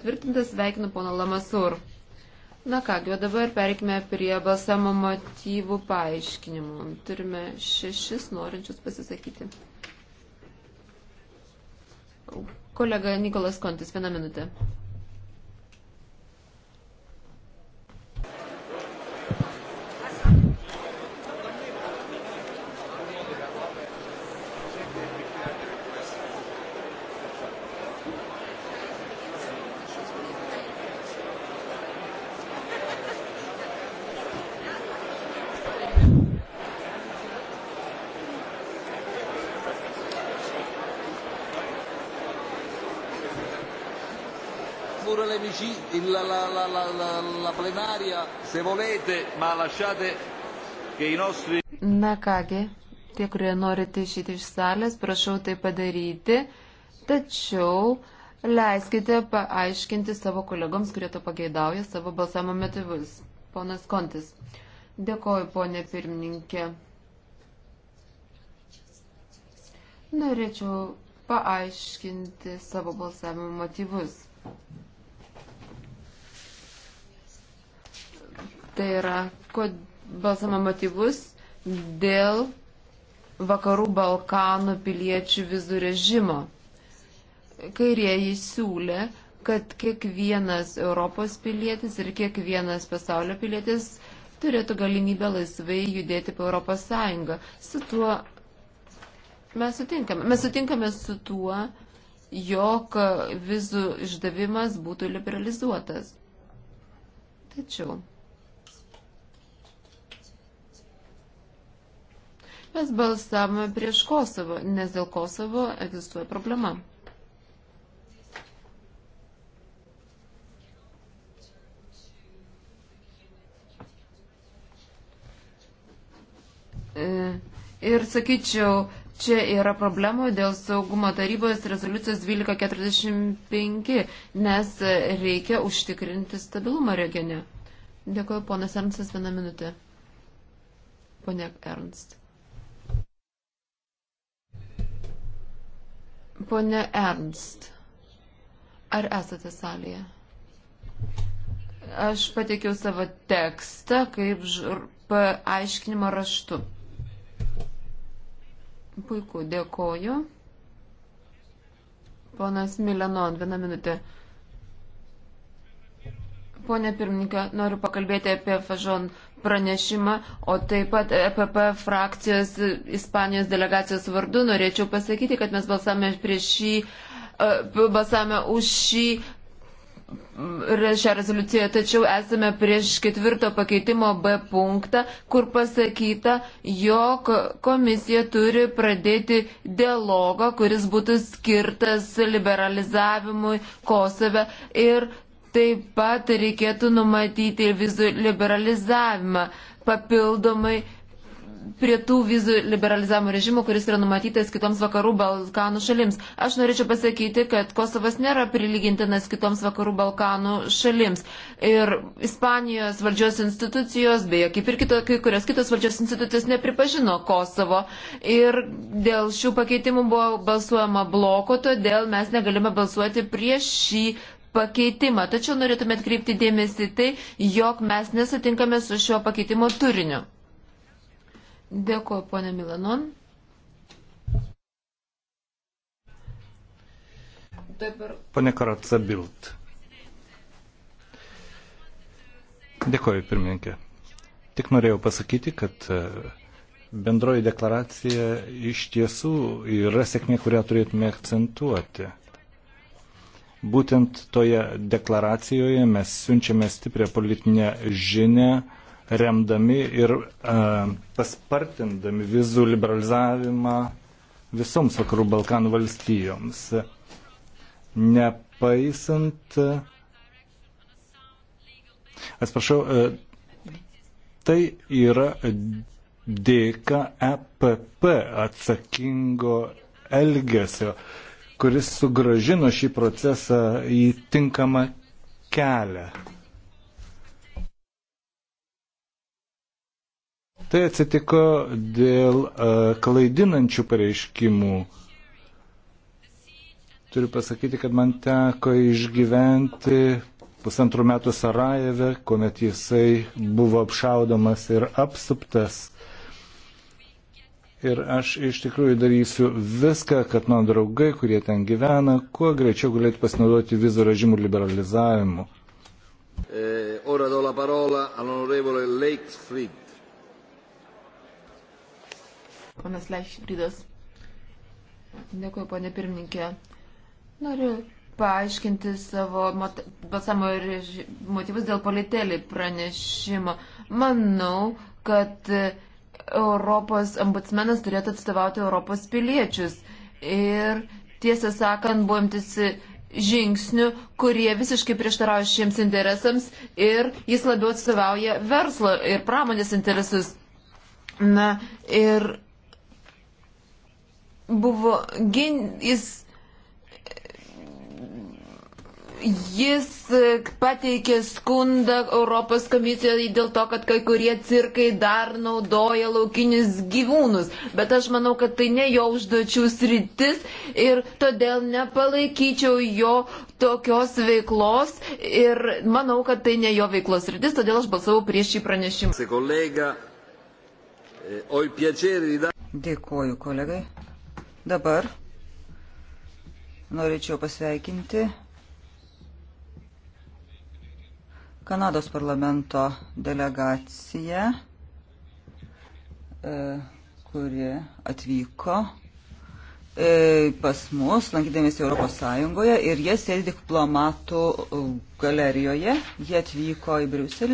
patvirtintas, sveikinu pono Lamasur. Na kągi, o dabar perikime prie balsamo motyvų paaiškinimų. Turime šešis norinčius pasisakyti. Kolega Nikolas Kontis, vieną minutę. pure la plenaria se volete, ma lasciate che i nostri. Na kągi, tie, kurie norite išėti iš salės, prašau tai padaryti, tačiau leiskite paaiškinti savo kolegoms, kurie to pageidauja, savo balsavimo motyvus. Ponas Kontis. Dėkoju, ponė pirmininkė. Norėčiau paaiškinti savo balsavimo motyvus. Tai yra, kod balsama motyvus dėl vakarų Balkanų piliečių vizų režimo. Kairieji siūlė, kad kiekvienas Europos pilietis ir kiekvienas pasaulio pilietis turėtų galimybę laisvai judėti po Europos Sąjungą. Su tuo mes sutinkame. Mes sutinkame su tuo, jog vizų išdavimas būtų liberalizuotas. Tačiau Mes balsavome prieš Kosovo, nes dėl Kosovo egzistuoja problema. E, ir sakyčiau, čia yra problemų dėl saugumo tarybos rezoliucijos 1245, nes reikia užtikrinti stabilumą regione. Dėkuoju, ponas Ernstas, vieną minutę. Pone Ernst. Pone Ernst, ar esate salėje? Aš pateikiau savo tekstą kaip žur... paaiškinimą raštu. Puiku, dėkoju. Ponas Milenon, vieną minutę. Pone pirmininkė, noriu pakalbėti apie Fažon pranešimą, o taip pat EPP frakcijos Ispanijos delegacijos vardu norėčiau pasakyti, kad mes balsavome prieš šį, e, balsavome už šį šią rezoliuciją, tačiau esame prieš ketvirto pakeitimo B punktą, kur pasakyta, jog komisija turi pradėti dialogą, kuris būtų skirtas liberalizavimui Kosove ir Taip pat reikėtų numatyti vizų liberalizavimą papildomai prie tų vizų liberalizavimo režimų, kuris yra numatytas kitoms vakarų Balkanų šalims. Aš norėčiau pasakyti, kad Kosovas nėra prilygintinas kitoms vakarų Balkanų šalims. Ir Ispanijos valdžios institucijos, beje, kaip ir kito, kai kurios kitos valdžios institucijos nepripažino Kosovo. Ir dėl šių pakeitimų buvo balsuojama bloko, todėl mes negalime balsuoti prieš šį pakeitimą, tačiau norėtume atkreipti dėmesį tai, jog mes nesutinkame su šio pakeitimo turiniu. Dėkuoju, ponė Milanon. Dabar... Pane Karatsa Bilt. Dėkuoju, pirmininkė. Tik norėjau pasakyti, kad e, bendroji deklaracija iš tiesų yra sėkmė, kurią turėtume akcentuoti. Būtent toje deklaracijoje mes siunčiame stiprią politinę žinę, remdami ir e, paspartindami vizų liberalizavimą visoms vakarų Balkanų valstijoms. Nepaisant. Atsiprašau, e, tai yra dėka EPP atsakingo elgesio. E, kuris sugražino šį procesą į tinkamą kelią. Tai atsitiko dėl uh, klaidinančių pareiškimų. Turiu pasakyti, kad man teko išgyventi pusantrų metų Sarajeve, kuomet jisai buvo apšaudomas ir apsuptas. Ir aš iš tikrųjų darysiu viską, kad mano draugai, kurie ten gyvena, kuo greičiau galėtų pasinaudoti vizų režimų liberalizavimu. E, ora do la parola all'onorevole Leichfried. Ponas Leichfriedas. Dėkuoju, ponė pirmininkė. Noriu paaiškinti savo balsamo motyvus dėl politelį pranešimo. Manau, kad Europos ombudsmenas turėtų atstovauti Europos piliečius. Ir tiesą sakant, buvom tisi žingsnių, kurie visiškai prieštarauja šiems interesams ir jis labiau atstovauja verslo ir pramonės interesus. Na ir buvo, gin, jis Jis e, pateikė skundą Europos komisijoje dėl to, kad kai kurie cirkai dar naudoja laukinius gyvūnus, bet aš manau, kad tai ne jo užduočių sritis ir todėl nepalaikyčiau jo tokios veiklos ir manau, kad tai ne jo veiklos sritis, todėl aš balsavau prieš šį pranešimą. E, Dėkuoju kolegai. Dabar norėčiau pasveikinti Kanados parlamento delegacija, e, kuri atvyko e, pas mus, lankydamėsi Europos Sąjungoje ir jie sėdi diplomatų galerijoje. Jie atvyko į Briuselį.